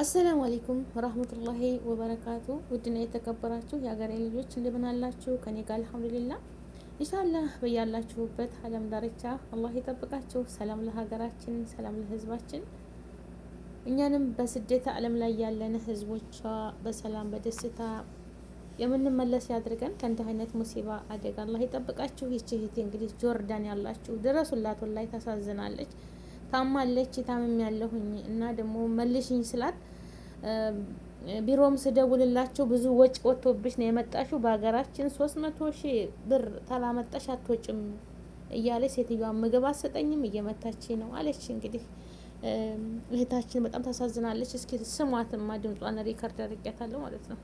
አሰላሙ አሌይኩም ወራህመቱላሂ ወበረካቱ። ውድና የተከበራችሁ የሀገሬ ልጆች እንደምን አላችሁ? ከኔ ጋር አልሐምዱሊላ። ኢንሻአላህ በያላችሁበት አለም ዳርቻ አላህ ይጠብቃችሁ። ሰላም ለሀገራችን፣ ሰላም ለህዝባችን፣ እኛንም በስደት አለም ላይ ያለን ህዝቦቿ በሰላም በደስታ የምንመለስ ያድርገን። ከእንዲህ አይነት ሙሲባ አደጋ አላህ ይጠብቃችሁ። ይቺ እህቴ እንግዲህ ጆርዳን ያላችሁ ድረሱላት፣ ወላሂ ታሳዝናለች። ታማለች ታምም ያለሁኝ እና ደግሞ መልሽኝ ስላት ቢሮም ስደውልላቸው ብዙ ወጪ ወጥቶብሽ ነው የመጣሽው፣ በሀገራችን ሶስት መቶ ሺህ ብር ታላመጣሽ አትወጭም እያለ ሴትዮዋ ምግብ አሰጠኝም እየመታች ነው አለች። እንግዲህ እህታችን በጣም ታሳዝናለች። እስኪ ስሟትማ፣ ድምጿን ሪከርድ አድርጊያታለሁ ማለት ነው።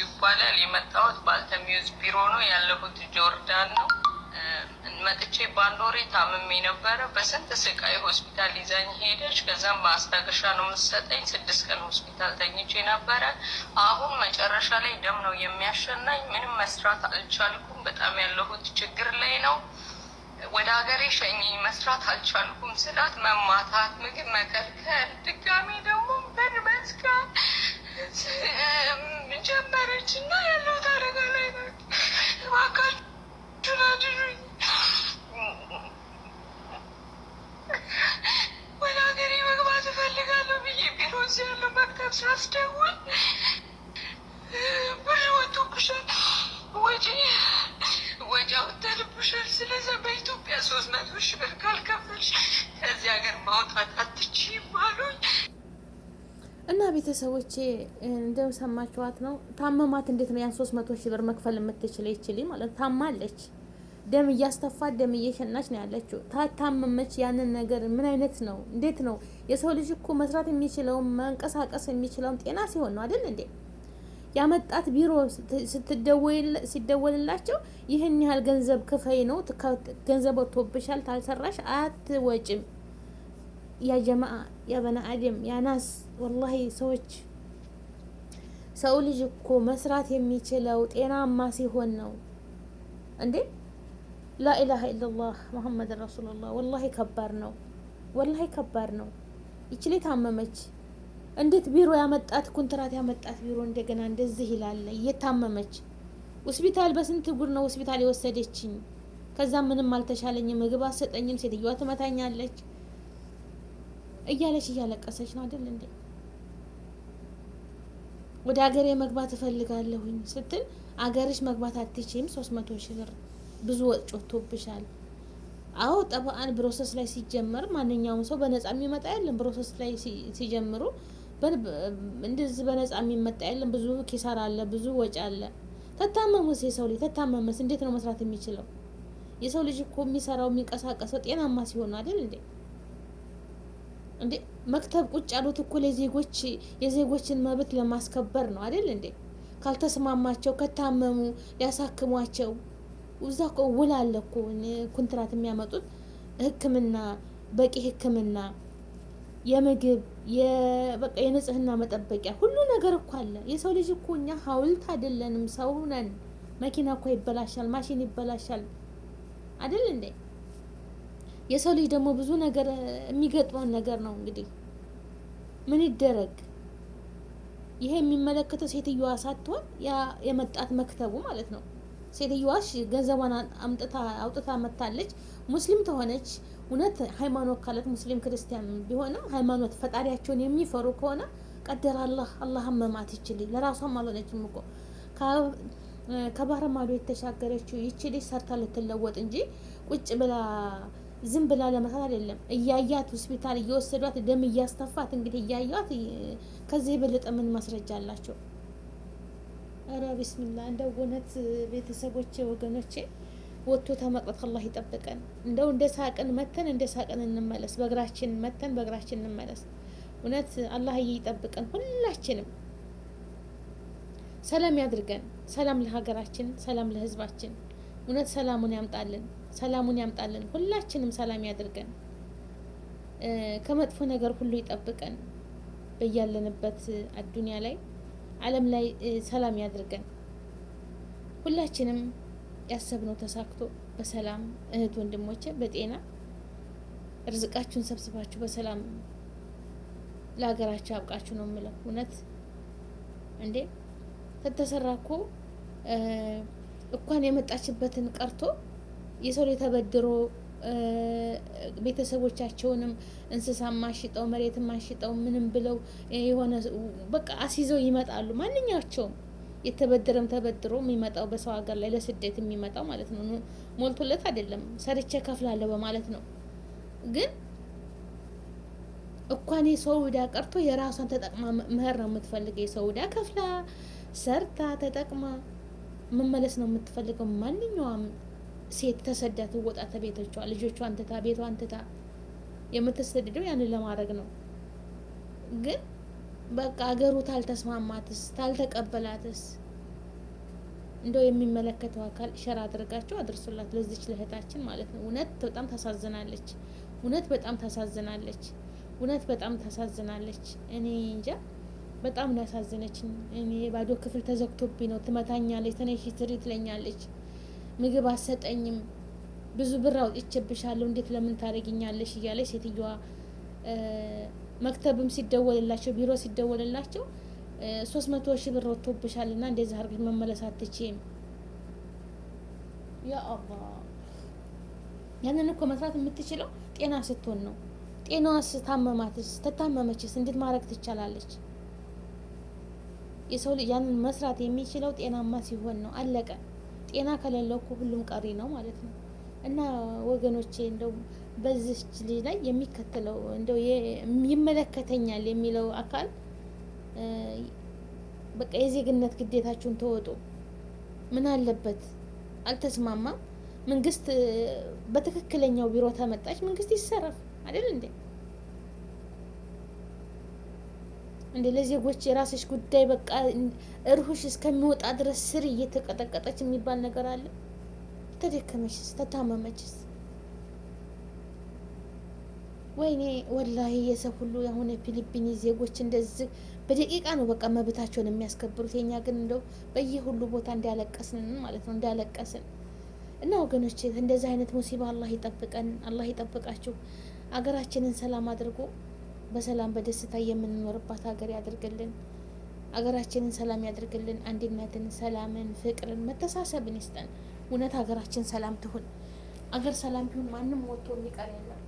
ይባላል የመጣሁት ባልተሚዩዝ ቢሮ ነው ያለሁት ጆርዳን ነው መጥቼ በአንድ ወሬ ታምሜ ነበረ። በስንት ስቃይ ሆስፒታል ይዛኝ ሄደች። ከዛም ማስታገሻ ነው የምትሰጠኝ። ስድስት ቀን ሆስፒታል ተኝቼ ነበረ። አሁን መጨረሻ ላይ ደም ነው የሚያሸናኝ። ምንም መስራት አልቻልኩም። በጣም ያለሁት ችግር ላይ ነው። ወደ ሀገሬ ሸኝ፣ መስራት አልቻልኩም ስላት መማታት፣ ምግብ መከልከል፣ ድጋሜ ደግሞ በር መዝጋት ጀመረች እና ያለሁት አደጋ ላይ ነው። ወደ ሀገሬ መግባት እፈልጋለሁ ብዬ ቢሮ እዚህ ያለው መክተብ ሳስደውል ብር ወጥቶብሻል፣ ወጪ ወጪ አውጥተንብሻል። ስለዚያ በኢትዮጵያ ሶስት መቶ ሺህ ብር ካልከፈልሽ ከዚህ ሀገር ማውጣት አትችይም ቤተሰቦቼ እንደሰማችኋት ነው። ታመማት። እንዴት ነው ያን ሶስት መቶ ሺህ ብር መክፈል የምትችል ይችል ማለት ታማለች። ደም እያስተፋት ደም እየሸናች ነው ያለችው። ታታመመች። ያንን ነገር ምን አይነት ነው? እንዴት ነው የሰው ልጅ እኮ መስራት የሚችለውም መንቀሳቀስ የሚችለውም ጤና ሲሆን ነው አይደል እንዴ? ያመጣት ቢሮ ሲደወልላቸው ይህን ያህል ገንዘብ ክፈይ ነው ገንዘብ ወጥቶብሻል፣ ታልሰራሽ አትወጭም ያ ጀማአ ያ በና አደም ያ ናስ ወላሂ ሰዎች ሰው ልጅ እኮ መስራት የሚችለው ጤናማ ሲሆን ነው እንዴ። ላኢላሀ ኢለላህ መሐመድ ረሱሉላህ። ወላሂ ከባድ ነው፣ ወላሂ ከባድ ነው። ይችል ታመመች፣ እንዴት ቢሮ ያመጣት ኮንትራት ያመጣት ቢሮ እንደገና እንደዚህ ይላል። እየታመመች ሆስፒታል፣ በስንት ጉድ ነው ሆስፒታል የወሰደችኝ። ከዛ ምንም አልተሻለኝም፣ ምግብ አሰጠኝም፣ ሴትዮዋ ትመታኛለች። እያለች እያለቀሰች ነው አይደል እንዴ? ወደ ሀገሬ መግባት እፈልጋለሁኝ ስትል አገርሽ መግባት አትችም፣ ሶስት መቶ ሺህ ብር ብዙ ወጭ ወጥቶብሻል። አዎ ጠበአን ብሮሰስ ላይ ሲጀመር ማንኛውም ሰው በነጻ የሚመጣ የለም። ብሮሰስ ላይ ሲጀምሩ እንደዚህ በነጻ የሚመጣ የለም። ብዙ ኪሳራ አለ፣ ብዙ ወጪ አለ። ተታመሙስ የሰው ልጅ ተታመመስ እንዴት ነው መስራት የሚችለው? የሰው ልጅ እኮ የሚሰራው የሚንቀሳቀሰው ጤናማ ሲሆን አይደል እንዴ? እንዴ መክተብ ቁጭ ያሉት እኮ ለዜጎች የዜጎችን መብት ለማስከበር ነው አይደል እንዴ? ካልተስማማቸው ከታመሙ ሊያሳክሟቸው እዛ እኮ ውል አለ እኮ የሚያመጡት ሕክምና በቂ ሕክምና የምግብ በቃ የንጽህና መጠበቂያ ሁሉ ነገር እኮ አለ። የሰው ልጅ እኮ እኛ ሀውልት አይደለንም፣ ሰው ነን። መኪና እኮ ይበላሻል፣ ማሽን ይበላሻል አይደል እንዴ? የሰው ልጅ ደግሞ ብዙ ነገር የሚገጥመውን ነገር ነው እንግዲህ ምን ይደረግ። ይሄ የሚመለከተው ሴትዮዋ ሳትሆን ያ የመጣት መክተቡ ማለት ነው። ሴትዮዋ ገንዘቧን አምጥታ አውጥታ መታለች። ሙስሊም ተሆነች እውነት ሃይማኖት ካለት ሙስሊም ክርስቲያን ቢሆንም ሃይማኖት ፈጣሪያቸውን የሚፈሩ ከሆነ ቀደር አላህ አላህ መማት ይችል ለራሷም አልሆነችም እኮ ከባህር ማዶ የተሻገረችው ይችል ሰርታ ልትለወጥ እንጂ ቁጭ ብላ ዝም ብላ ለመታት አይደለም። እያያት ሆስፒታል እየወሰዷት ደም እያስተፋት እንግዲህ እያያት፣ ከዚህ የበለጠ ምን ማስረጃ አላቸው? ኧረ ቢስሚላ። እንደ እውነት ቤተሰቦቼ፣ ወገኖቼ ወጥቶ ተመቅረት አላህ ይጠብቀን። እንደው እንደ ሳቅን መተን እንደ ሳቅን እንመለስ፣ በእግራችን መተን በእግራችን እንመለስ። እውነት አላህ ይጠብቀን ሁላችንም። ሰላም ያድርገን። ሰላም ለሀገራችን፣ ሰላም ለህዝባችን። እውነት ሰላሙን ያምጣልን፣ ሰላሙን ያምጣልን። ሁላችንም ሰላም ያድርገን፣ ከመጥፎ ነገር ሁሉ ይጠብቀን። በያለንበት አዱኒያ ላይ ዓለም ላይ ሰላም ያድርገን። ሁላችንም ያሰብነው ተሳክቶ በሰላም እህት ወንድሞቼ፣ በጤና ርዝቃችሁን ሰብስባችሁ በሰላም ለሀገራችሁ አብቃችሁ ነው የምለው። እውነት እንዴ ተተሰራ እኮ እንኳን የመጣችበትን ቀርቶ የሰው ላይ ተበድሮ ቤተሰቦቻቸውንም እንስሳ ማሽጠው መሬት ማሽጠው ምንም ብለው የሆነ በቃ አስይዘው ይመጣሉ። ማንኛቸውም የተበደረም ተበድሮ የሚመጣው በሰው ሀገር ላይ ለስደት የሚመጣው ማለት ነው። ሞልቶለት አይደለም ሰርቼ ከፍላለሁ በማለት ነው። ግን እኳን የሰው ውዳ ቀርቶ የራሷን ተጠቅማ መሄድ ነው የምትፈልገው። የሰው ውዳ ከፍላ ሰርታ ተጠቅማ መመለስ ነው የምትፈልገው። ማንኛውም ሴት ተሰዳ ትወጣ ተቤቶቿ ልጆቿ አንትታ ቤቷ አንትታ የምትሰደደው ያንን ለማድረግ ነው። ግን በቃ አገሩ ታልተስማማትስ ታልተቀበላትስ እንደው የሚመለከተው አካል ሸራ አድርጋቸው አድርሱላት፣ ለዚች ለእህታችን ማለት ነው። እውነት በጣም ታሳዝናለች። እውነት በጣም ታሳዝናለች። እውነት በጣም ታሳዝናለች። እኔ እንጃ። በጣም ነው ያሳዘነችኝ። እኔ ባዶ ክፍል ተዘግቶብኝ ነው። ትመታኛለች፣ ተነሽ ትሪ ትለኛለች፣ ምግብ አሰጠኝም፣ ብዙ ብር አውጥቼብሻለሁ፣ እንዴት ለምን ታደርጊኛለሽ እያለች ሴትዮዋ መክተብም ሲደወልላቸው ቢሮ ሲደወልላቸው ሶስት መቶ ሺህ ብር ወጥቶብሻል እና እንደዚህ አድርገሽ መመለስ አትችም። ያ ያንን እኮ መስራት የምትችለው ጤና ስትሆን ነው። ጤናዋስ ታመማትስ? ተታመመችስ እንዴት ማድረግ ትቻላለች? የሰው ልጅ ያንን መስራት የሚችለው ጤናማ ሲሆን ነው። አለቀ። ጤና ከሌለው እኮ ሁሉም ቀሪ ነው ማለት ነው። እና ወገኖቼ እንደው በዚች ልጅ ላይ የሚከተለው እንደው ይመለከተኛል የሚለው አካል በቃ የዜግነት ግዴታችሁን ተወጡ። ምን አለበት አልተስማማም። መንግስት በትክክለኛው ቢሮ ተመጣች መንግስት ይሰረፍ አይደል እንዴ? እንደ ለዜጎች የራስሽ ጉዳይ በቃ እርሁሽ እስከሚወጣ ድረስ ስር እየተቀጠቀጠች የሚባል ነገር አለ። ተደከመችስ፣ ተታመመችስ? ወይኔ ወላሂ የሰው ሁሉ የሆነ ፊሊፒኒ ዜጎች እንደዚህ በደቂቃ ነው በቃ መብታቸውን የሚያስከብሩት። የኛ ግን እንደው በየሁሉ ቦታ እንዲያለቀስን ማለት ነው እንዲያለቀስን እና ወገኖች እንደዚህ አይነት ሙሲባ አላህ ይጠብቀን፣ አላህ ይጠብቃችሁ። አገራችንን ሰላም አድርጎ በሰላም በደስታ የምንኖርባት ሀገር ያድርግልን። ሀገራችንን ሰላም ያድርግልን። አንድነትን፣ ሰላምን፣ ፍቅርን፣ መተሳሰብን ይስጠን። እውነት ሀገራችን ሰላም ትሁን። አገር ሰላም ቢሆን ማንም ወጥቶ የሚቀር የለም።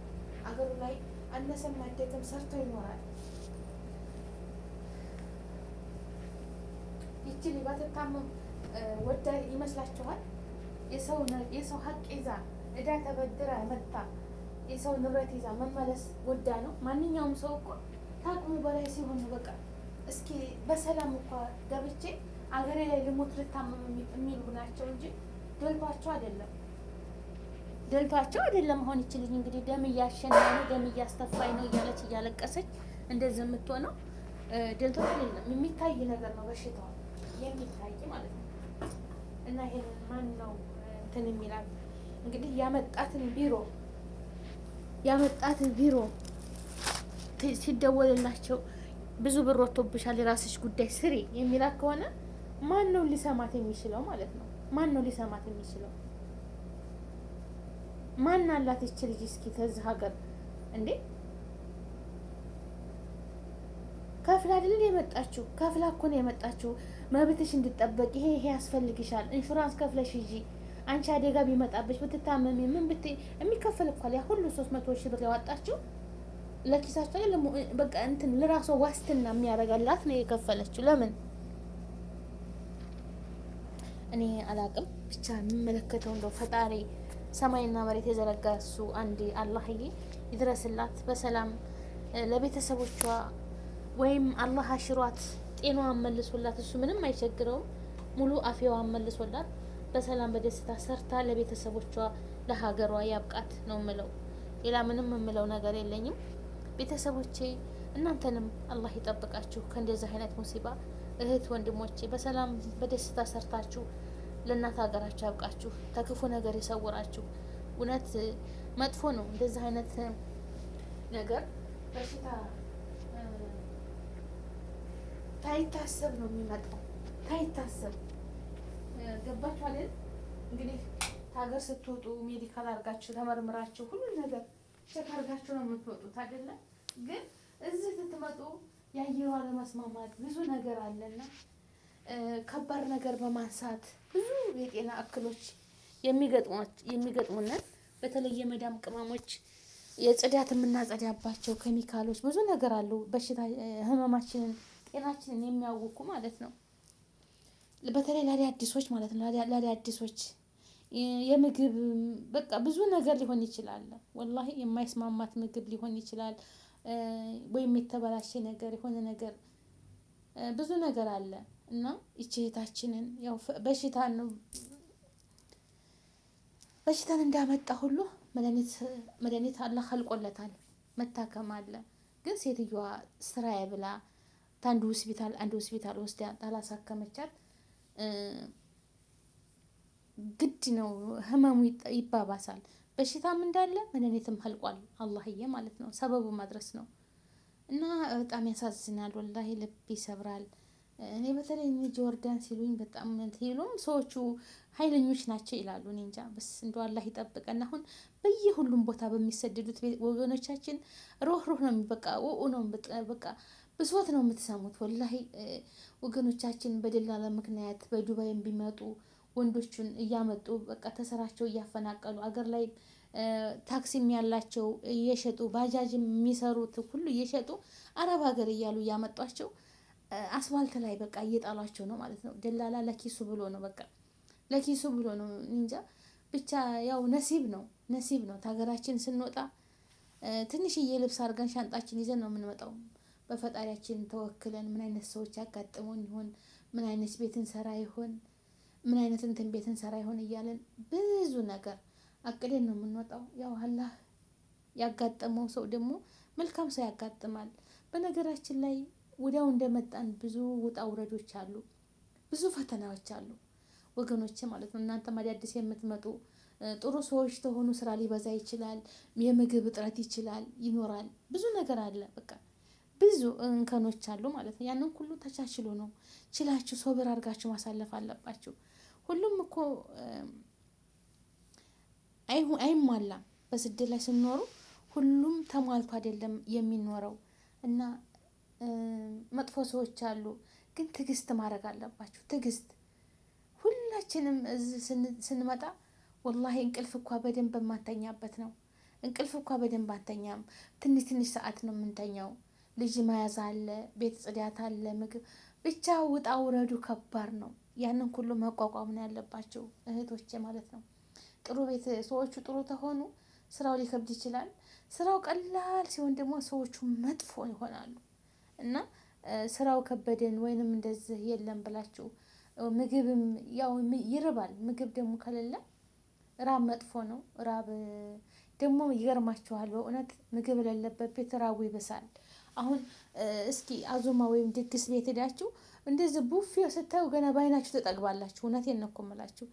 አገሩ ላይ አነሰም አደገም ሰርቶ ይኖራል። ይችል ባትታመም ወዳ ይመስላችኋል? የሰው ሀቅ ይዛ እዳ ተበድራ መታ የሰው ንብረት ይዛ መመለስ ወዳ ነው። ማንኛውም ሰው እኮ ታቅሙ በላይ ሲሆኑ በቃ እስኪ በሰላም እኳ ገብቼ አገሬ ላይ ልሞት ልታመም የሚሉ ናቸው እንጂ ደልቷቸው አይደለም፣ ደልቷቸው አይደለም። አሁን ይችልኝ እንግዲህ ደም እያሸና ነው፣ ደም እያስተፋኝ ነው እያለች እያለቀሰች እንደዚህ የምትሆነው ደልቷ አይደለም። የሚታይ ነገር ነው በሽታው የሚታይ ማለት ነው። እና ይሄንን ማን ነው እንትን የሚላል እንግዲህ ያመጣትን ቢሮ ያመጣት ቢሮ ሲደወልላቸው ብዙ ብር ወጥቶብሻል፣ የራስሽ ጉዳይ ስሪ የሚላት ከሆነ ማን ነው ሊሰማት የሚችለው ማለት ነው? ማን ነው ሊሰማት የሚችለው? ማን አላት ይች ልጅ? እስኪ ከዚህ ሀገር እንዴ ከፍላ አይደል የመጣችሁ? ከፍላ እኮ ነው የመጣችሁ። መብትሽ እንድጠበቅ ይሄ ይሄ ያስፈልግሻል፣ ኢንሹራንስ ከፍለሽ ሂጂ አንቺ አደጋ ቢመጣብሽ ብትታመሚ ምን ብት የሚከፈል እኮ ያ ሁሉ ሶስት መቶ ሺህ ብር ያወጣችው ለኪሳቸው ላይ በቃ እንትን ለራሷ ዋስትና የሚያደርጋላት ነው የከፈለችው። ለምን እኔ አላቅም። ብቻ የሚመለከተው እንደው ፈጣሪ ሰማይና መሬት የዘረጋ እሱ አንድ አላህዬ ይድረስላት በሰላም ለቤተሰቦቿ ወይም አላህ አሽሯት ጤናዋን መልሶላት። እሱ ምንም አይቸግረውም። ሙሉ አፌዋን መልሶላት። በሰላም በደስታ ሰርታ ለቤተሰቦቿ ለሀገሯ ያብቃት ነው ምለው። ሌላ ምንም የምለው ነገር የለኝም። ቤተሰቦቼ እናንተንም አላህ ይጠብቃችሁ ከእንደዚህ አይነት ሙሲባ። እህት ወንድሞቼ በሰላም በደስታ ሰርታችሁ ለእናት ሀገራችሁ ያብቃችሁ፣ ተክፉ ነገር ይሰውራችሁ። እውነት መጥፎ ነው እንደዚህ አይነት ነገር በሽታ ታይታሰብ ነው የሚመጣው ታይታሰብ ገባችሁ አይደል? እንግዲህ ሀገር ስትወጡ ሜዲካል አድርጋችሁ ተመርምራችሁ ሁሉን ነገር ሸክ አድርጋችሁ ነው የምትወጡት አይደለ? ግን እዚህ ስትመጡ የአየሩ አለመስማማት ብዙ ነገር አለና ከባድ ነገር በማንሳት ብዙ የጤና እክሎች የሚገጥሙንን በተለይ የመዳም ቅመሞች የጽዳት የምናጸዳባቸው ኬሚካሎች ብዙ ነገር አሉ። በሽታ ህመማችንን ጤናችንን የሚያውቁ ማለት ነው። በተለይ አዲሶች ማለት ነው አዲሶች የምግብ በቃ ብዙ ነገር ሊሆን ይችላል። ወላሂ የማይስማማት ምግብ ሊሆን ይችላል። ወይም የተበላሸ ነገር የሆነ ነገር ብዙ ነገር አለ እና ይቺ እህታችንን ያው በሽታ ነው በሽታን እንዳመጣ ሁሉ መድኃኒት መድኃኒት አላህ አልቆለታል መታከም አለ። ግን ሴትዮዋ ስራዬ ብላ ታንዱ ሆስፒታል አንድ ሆስፒታል ወስዳ ታላሳከመቻት ግድ ነው። ህመሙ ይባባሳል። በሽታም እንዳለ መድኃኒትም አልቋል። አላህዬ ማለት ነው። ሰበቡ ማድረስ ነው እና በጣም ያሳዝናል። ወላሂ ልብ ይሰብራል። እኔ በተለይ እኔ ጆርዳን ሲሉኝ በጣም ሲሉም ሰዎቹ ኃይለኞች ናቸው ይላሉ። እኔ እንጃ በስ እንደ አላህ ይጠብቀን። አሁን በየሁሉም ቦታ በሚሰደዱት ወገኖቻችን ሮህ ሮህ ነው የሚበቃ ውኡ ነው በቃ ብሶት ነው የምትሰሙት። ወላሂ ወገኖቻችን በደላላ ምክንያት በዱባይ ቢመጡ ወንዶቹን እያመጡ በቃ ተሰራቸው እያፈናቀሉ አገር ላይ ታክሲም ያላቸው እየሸጡ ባጃጅም የሚሰሩት ሁሉ እየሸጡ አረብ ሀገር እያሉ እያመጧቸው አስፋልት ላይ በቃ እየጣሏቸው ነው ማለት ነው። ደላላ ለኪሱ ብሎ ነው በቃ ለኪሱ ብሎ ነው። እንጃ ብቻ ያው ነሲብ ነው ነሲብ ነው። ከሀገራችን ስንወጣ ትንሽዬ ልብስ አድርገን ሻንጣችን ይዘን ነው የምንመጣው። በፈጣሪያችን ተወክለን ምን አይነት ሰዎች ያጋጥሙን ይሆን? ምን አይነት ቤት እንሰራ ይሆን? ምን አይነት እንትን ቤት እንሰራ ይሆን እያለን ብዙ ነገር አቅደን ነው የምንወጣው። ያው አላህ ያጋጠመው ሰው ደግሞ መልካም ሰው ያጋጥማል። በነገራችን ላይ ወዲያው እንደመጣን ብዙ ውጣ ውረዶች አሉ፣ ብዙ ፈተናዎች አሉ ወገኖች ማለት ነው። እናንተም አዳዲስ የምትመጡ ጥሩ ሰዎች ተሆኑ ስራ ሊበዛ ይችላል፣ የምግብ እጥረት ይችላል ይኖራል፣ ብዙ ነገር አለ በቃ ብዙ እንከኖች አሉ ማለት ነው። ያንን ሁሉ ተቻችሎ ነው ችላችሁ ሶብር አድርጋችሁ ማሳለፍ አለባችሁ። ሁሉም እኮ አይሟላም። በስደት ላይ ስንኖሩ ሁሉም ተሟልቶ አይደለም የሚኖረው እና መጥፎ ሰዎች አሉ። ግን ትዕግስት ማድረግ አለባችሁ። ትዕግስት ሁላችንም እዚህ ስንመጣ ወላሂ እንቅልፍ እኳ በደንብ የማንተኛበት ነው። እንቅልፍ እኳ በደንብ አንተኛም። ትንሽ ትንሽ ሰዓት ነው የምንተኛው። ልጅ መያዝ አለ፣ ቤት ጽዳት አለ፣ ምግብ ብቻ ውጣ ውረዱ ከባድ ነው። ያንን ሁሉ መቋቋም ነው ያለባቸው እህቶቼ ማለት ነው። ጥሩ ቤት ሰዎቹ ጥሩ ተሆኑ ስራው ሊከብድ ይችላል። ስራው ቀላል ሲሆን ደግሞ ሰዎቹ መጥፎ ይሆናሉ እና ስራው ከበደን ወይንም እንደዚህ የለም ብላችሁ ምግብም ያው ይርባል። ምግብ ደግሞ ከሌለ ራብ መጥፎ ነው። ራብ ደግሞ ይገርማችኋል በእውነት ምግብ ለለበት ቤት ራቡ ይበሳል። አሁን እስኪ አዙማ ወይም ድግስ ቤት ሄዳችሁ እንደዚህ ቡፌ ስታዩ ገና በአይናችሁ ተጠግባላችሁ። እውነቴን ነው እኮ የምላችሁ።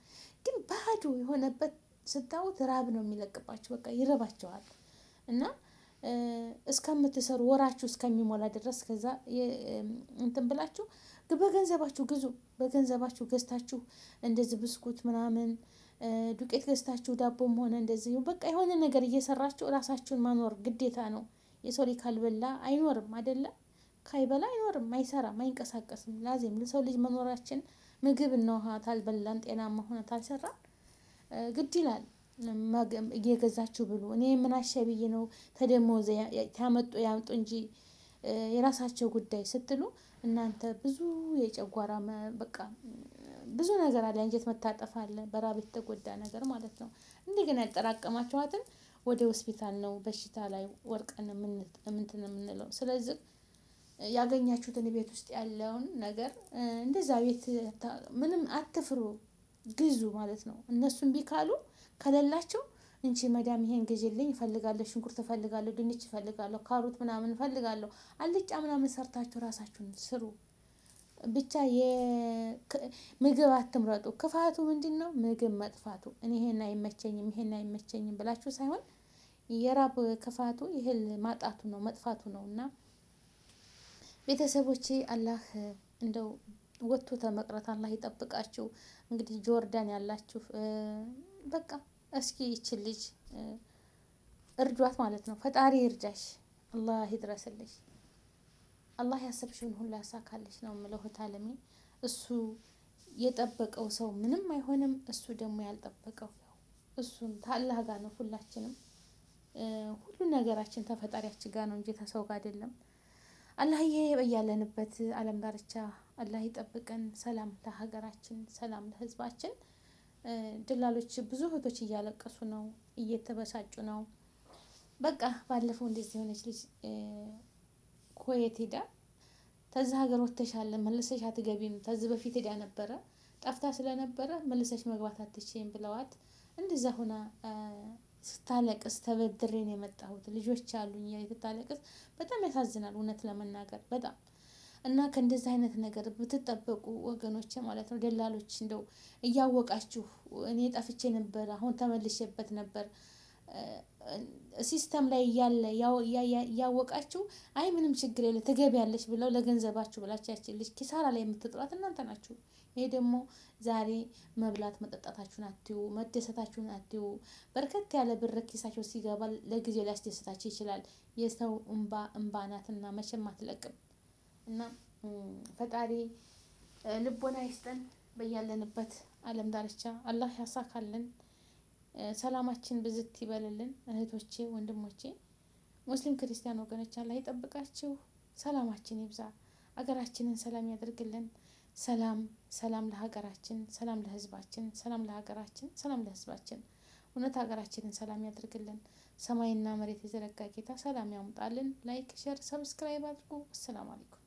ግን ባዶ የሆነበት ስታዩት ራብ ነው የሚለቅባችሁ። በቃ ይረባችኋል እና እስከምትሰሩ ወራችሁ እስከሚሞላ ድረስ ከዛ እንትን ብላችሁ በገንዘባችሁ ግዙ። በገንዘባችሁ ገዝታችሁ እንደዚህ ብስኩት ምናምን ዱቄት ገዝታችሁ ዳቦም ሆነ እንደዚህ በቃ የሆነ ነገር እየሰራችሁ እራሳችሁን ማኖር ግዴታ ነው። የሰው ልጅ ካልበላ አይኖርም አይደለም ካይበላ አይኖርም፣ አይሰራም፣ አይንቀሳቀስም። ላዚም ለሰው ልጅ መኖራችን ምግብ እና ውሃ ታልበላን ጤናማ ሆነ ታልሰራ ግድ ይላል። እየገዛችሁ ብሉ። እኔ ምን አሸብዬ ነው ተደሞዘ ታመጡ ያምጡ እንጂ የራሳቸው ጉዳይ ስትሉ እናንተ ብዙ የጨጓራ በቃ ብዙ ነገር አለ። አንጀት መታጠፍ አለ። በራብ የተጎዳ ነገር ማለት ነው። እንደገና ያጠራቀማችኋትን ወደ ሆስፒታል ነው በሽታ ላይ ወርቀን ምንትን የምንለው። ስለዚህ ያገኛችሁትን ቤት ውስጥ ያለውን ነገር እንደዛ ቤት ምንም አትፍሩ፣ ግዙ ማለት ነው። እነሱን ቢካሉ ካሉ ከሌላቸው እንቺ መዳም ይሄን ግዢልኝ እፈልጋለሁ፣ ሽንኩርት እፈልጋለሁ፣ ድንች እፈልጋለሁ፣ ካሮት ምናምን እፈልጋለሁ፣ አልጫ ምናምን ሰርታችሁ ራሳችሁን ስሩ። ብቻ ምግብ አትምረጡ። ክፋቱ ምንድነው? ምግብ መጥፋቱ እኔ ይሄን አይመቸኝም ይሄን አይመቸኝም ብላችሁ ሳይሆን የራብ ክፋቱ ይህል ማጣቱ ነው መጥፋቱ ነው። እና ቤተሰቦቼ አላህ እንደው ወጥቶ ተመቅረት አላህ ይጠብቃችሁ። እንግዲህ ጆርዳን ያላችሁ በቃ እስኪ ይች ልጅ እርዷት ማለት ነው። ፈጣሪ እርዳሽ፣ አላህ ይድረስልሽ። አላህ ያሰብሽውን ሁሉ ያሳካልሽ ነው የምለው። አለሚን እሱ የጠበቀው ሰው ምንም አይሆንም። እሱ ደግሞ ያልጠበቀው እሱን ታላህ ጋር ነው። ሁላችንም ሁሉ ነገራችን ተፈጣሪያችን ጋር ነው እንጂ ተሰው ጋር አይደለም። አላህዬ በያለንበት አለም ዳርቻ አላህ ይጠብቀን። ሰላም ለሀገራችን፣ ሰላም ለህዝባችን ደላሎች ብዙ እህቶች እያለቀሱ ነው፣ እየተበሳጩ ነው። በቃ ባለፈው እንደዚህ የሆነች ልጅ ኩዌት ሄዳ ተዚ ሀገር ወተሻለ መልሰሽ አትገቢም፣ ተዚ በፊት ሄዳ ነበረ ጠፍታ ስለነበረ መልሰሽ መግባት አትችም ብለዋት እንደዛ ሆና ስታለቅስ ተበድሬ የመጣሁት። ልጆች አሉኝ ስታለቅስ በጣም ያሳዝናል። እውነት ለመናገር በጣም እና ከእንደዚህ አይነት ነገር ብትጠበቁ ወገኖች ማለት ነው። ደላሎች እንደው እያወቃችሁ እኔ ጠፍቼ ነበር አሁን ተመልሼበት ነበር ሲስተም ላይ እያለ እያወቃችሁ አይ ምንም ችግር የለ ትገቢያለሽ ብለው ለገንዘባችሁ ብላችሁ ያችን ልጅ ኪሳራ ላይ የምትጥሏት እናንተ ናችሁ። ይሄ ደግሞ ዛሬ መብላት መጠጣታችሁን አትዩ፣ መደሰታችሁን አትዩ። በርከት ያለ ብር ኪሳቸው ሲገባ ለጊዜው ሊያስደስታችሁ ይችላል። የሰው እንባ እንባ ናትና መቼም አትለቅም እና ፈጣሪ ልቦና ይስጠን። በያለንበት አለም ዳርቻ አላህ ያሳካልን። ሰላማችን ብዝት ይበልልን። እህቶቼ ወንድሞቼ፣ ሙስሊም ክርስቲያን ወገኖች አላህ ይጠብቃችሁ፣ ሰላማችን ይብዛ፣ አገራችንን ሰላም ያደርግልን። ሰላም ሰላም ለሀገራችን፣ ሰላም ለህዝባችን፣ ሰላም ለሀገራችን፣ ሰላም ለህዝባችን። እውነት ሀገራችንን ሰላም ያደርግልን። ሰማይና መሬት የዘረጋ ጌታ ሰላም ያምጣልን። ላይክ፣ ሸር፣ ሰብስክራይብ አድርጉ። አሰላም አለይኩም